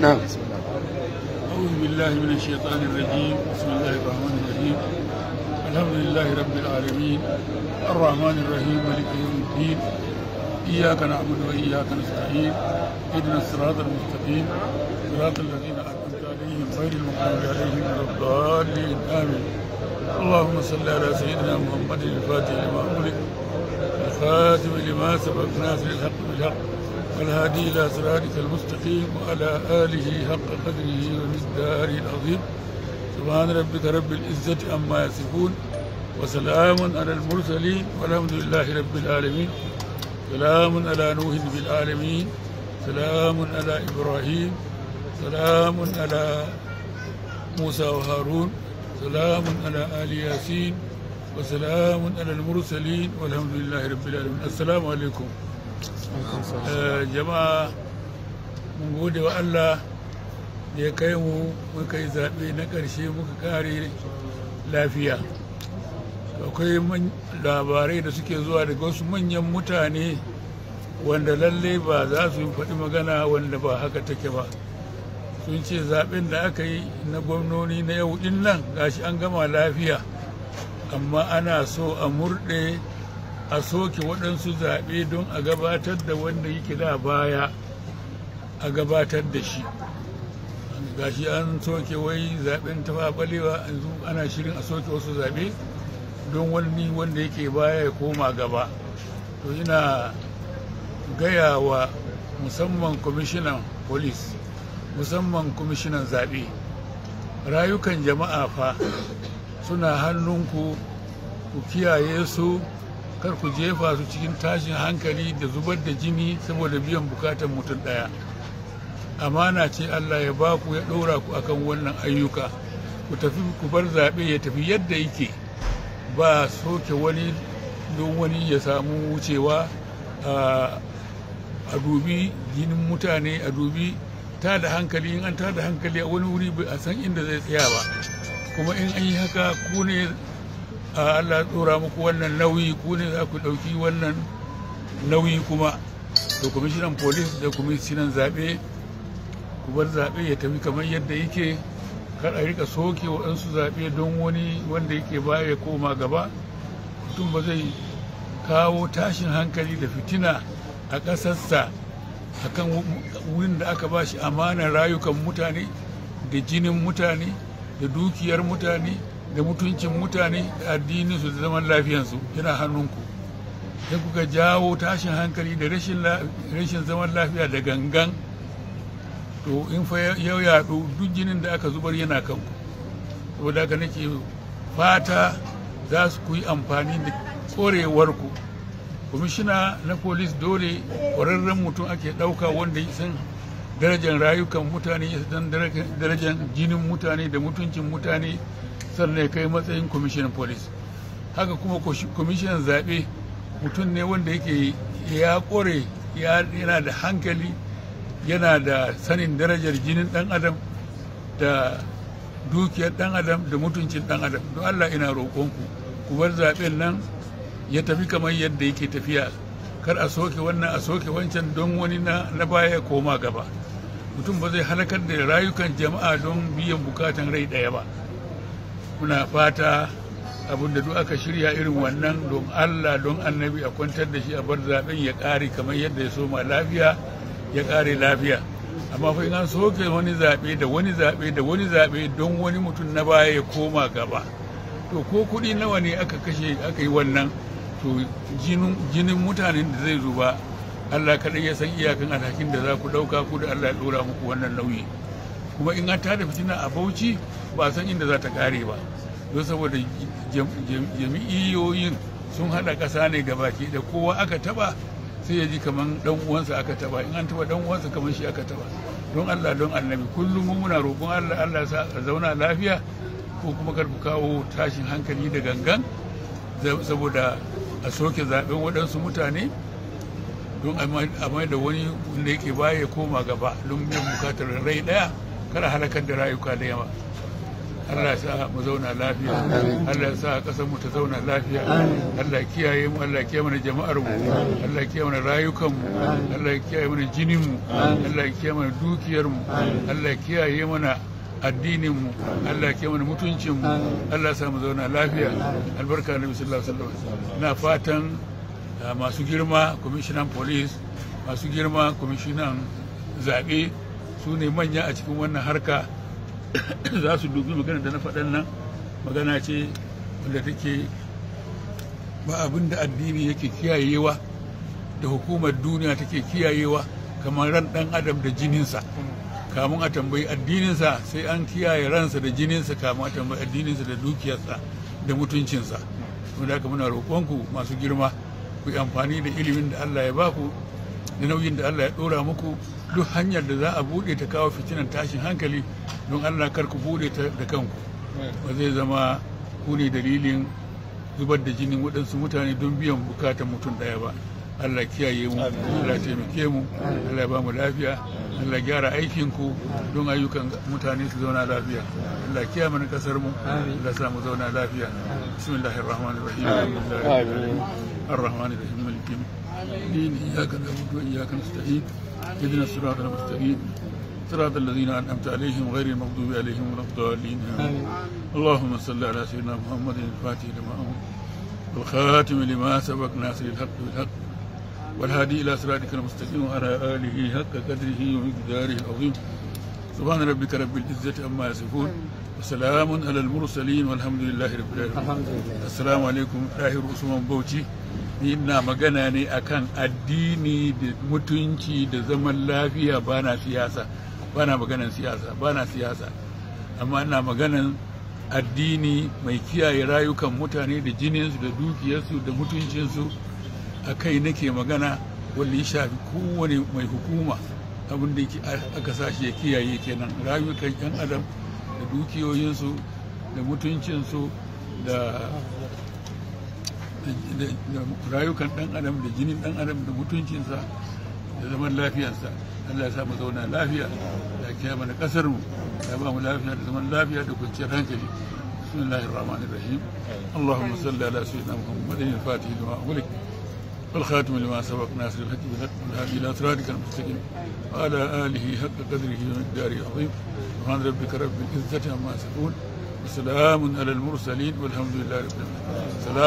نعم أعوذ بالله من الشيطان الرجيم بسم الله الرحمن الرحيم الحمد لله رب العالمين الرحمن الرحيم ملك يوم الدين إياك نعبد وإياك نستعين إذن الصراط المستقيم صراط الذين أنعمت عليهم غير المغضوب عليهم ولا الضالين آمين اللهم صل على سيدنا محمد الفاتح لما أملك الخاتم لما سبق ناصر الحق بالحق والهادي إلى صراطك المستقيم وعلى آله حق قدره ومقداره العظيم سبحان ربك رب العزة عما يصفون وسلام على المرسلين والحمد لله رب العالمين سلام على نوح في العالمين سلام على إبراهيم سلام على موسى وهارون سلام على آل ياسين وسلام على المرسلين والحمد لله رب العالمين السلام عليكم Eh, jama'a mun gode wa allah da ya kai mu muka yi zaɓe na ƙarshe muka kare lafiya akwai labarai da suke zuwa daga wasu manyan mutane wanda lalle ba za su yi faɗi magana wanda ba haka take ba sun ce zaɓen da aka yi na gwamnoni na yau ɗin nan gashi an gama lafiya amma ana so a murɗe a soke waɗansu zaɓe don a gabatar da wanda yake da baya a gabatar da shi gashi an soke wai zaɓen tafa ana shirin a soke wasu zaɓe don wani wanda yake baya ya koma gaba to ina gaya wa musamman kwamishinan polis musamman kwamishinan zaɓe rayukan jama'a fa suna hannunku ku kiyaye su kar ku jefa su cikin tashin hankali da zubar da jini saboda biyan bukatan mutum ɗaya amana ce allah ya ba ku ya ɗora ku akan wannan ayyuka ku tafi ku bar zaɓe ya tafi yadda yake ba soke wani don wani ya samu wucewa a dubi jinin mutane a dubi ta da hankali in an ta da hankali a wani wuri a san inda zai tsaya ba kuma in an yi haka ku ne a Allah tsora muku wannan nauyi ku ne za ku ɗauki wannan nauyi kuma da kwamishinan polis da kwamishinan zaɓe ku bar zaɓe ya tafi kamar yadda yake kar a rika soke waɗansu zaɓe don wani wanda yake baya ya koma gaba mutum ba zai kawo tashin hankali da fitina a ƙasarsa a kan wurin da aka ba shi amanar rayukan mutane da jinin mutane da dukiyar mutane da mutuncin mutane da addininsu da zaman lafiyansu yana hannunku sai kuka jawo tashin hankali da rashin zaman lafiya da gangan to in fa yau yaɗu duk jinin da aka zubar yana kanku saboda haka nake fata za su ku amfani da korewarku. kwamishina na polis dole ƙwararren mutum ake ɗauka wanda ya san darajar rayukan mutane ya san darajar jinin mutane da mutuncin mutane sannan ya kai matsayin kwamishinan police haka kuma kwamishinan zaɓe mutum ne wanda yake ya kore yana da hankali yana da sanin darajar jinin ɗan adam da dukiyar ɗan adam da mutuncin ɗan adam don allah ina roƙonku ku zaɓen nan ya tafi kamar yadda yake tafiya kar a soke wannan a soke wancan don wani na baya koma gaba mutum ba zai halakar da rayukan jama'a don biyan bukatan rai ɗaya ba muna fata abin da duk aka shirya irin wannan don allah don annabi a kwantar da shi a bar zaben ya kare kamar yadda ya soma lafiya ya kare lafiya amma fa an soke wani zaɓe da wani zaɓe da wani zaɓe don wani mutum na baya ya koma gaba to ko kuɗi nawa ne aka kashe aka yi wannan to jinin mutanen da zai zuba allah kaɗai ya san iyakan alhakin da za ku ɗauka ku da allah ya ɗora muku wannan nauyi kuma in an tada fitina a bauchi ba san inda za ta kare ba don saboda jami'iyoyin sun haɗa kasa ne gabaki da kowa aka taba sai ya ji kaman dan uwansa aka taba in an taba dan uwansa kamar shi aka taba don Allah don annabi kullum muna roƙon Allah Allah sa zauna lafiya ko kuma kar ku kawo tashin hankali da gangan saboda a soke zaben waɗansu mutane don a mai da wani wanda yake baya koma gaba don biyan bukatar rai ɗaya kar halakar da rayuka da yawa Allah ya sa mu zauna lafiya Allah ya sa kasar mu ta zauna lafiya Allah ya kiyaye mu Allah ya kiyaye mana jama'ar mu Allah ya kiyaye mana rayukan mu Allah ya kiyaye mana jinin mu Allah ya kiyaye mana dukiyar mu Allah ya kiyaye mana mu. Allah ya kiyaye mana mu. Allah ya sa mu zauna lafiya albarka na sallallahu alaihi wasallam na fatan masu girma commissioner police masu girma commissioner zaɓe su ne manya a cikin wannan harka za su dubi magana da na faɗan nan magana ce wadda take ba abin da addini yake kiyayewa da hukumar duniya take kiyayewa kamar ran ɗan adam da jininsa kamun a tambayi addininsa sai an kiyaye ransa da jininsa kamun a tambayi addininsa da dukiyarsa da mutuncinsa wanda haka muna roƙonku masu girma ku yi amfani da ilimin da allah ya baku da nauyin da allah ya ɗora muku duk hanyar da za a buɗe ta kawo fitinan tashin hankali don allah kar ku buɗe ta da kanku ba zai zama ku ne dalilin zubar da jinin waɗansu mutane don biyan bukatan mutum ɗaya ba allah kiyaye mu allah taimake mu allah ya ba mu lafiya Allah gyara aikinku don ayyukan mutane su zauna lafiya. Allah kiya mana kasar mu, Allah sa mu zauna lafiya. الرحمن الرحيم مالك يوم الدين إياك نعبد وإياك نستعين اهدنا الصراط المستقيم صراط الذين أنعمت عليهم غير المغضوب عليهم ولا الضالين اللهم صل على سيدنا محمد الفاتح لما أمر والخاتم لما سبق ناصر الحق بالحق والهادي إلى صراطك المستقيم وعلى آله حق قدره ومقداره العظيم سبحان ربك رب العزة عما يصفون وسلام على المرسلين والحمد لله رب العالمين السلام عليكم ɗahir usman bauchi ni ina magana ne akan addini da mutunci da zaman lafiya bana siyasa bana maganan siyasa bana siyasa amma ina maganan addini mai kiyaye rayukan mutane da jininsu da dukiyarsu da mutuncinsu a kai nake magana wanda ya shafi kowane mai hukuma abin da aka sashi ya kiyaye kenan rayukan 'yan adam da dukiyoyinsu da mutuncinsu da rayukan dan adam da jinin dan adam da mutuncinsa da zaman lafiyarsa Allah ya sa mu zauna lafiya da ke mana kasar mu ya ba mu lafiya da zaman lafiya da kwanciyar hankali bismillahir rahmanir rahim allahumma salli ala sayyidina muhammadin al-fatih والخاتم لما سبق ناصر الهدي والهادي الى صراطك المستقيم وعلى اله حق قدره ومقداره العظيم سبحان ربك رب العزه عما يصفون وسلام على المرسلين والحمد لله رب العالمين سلام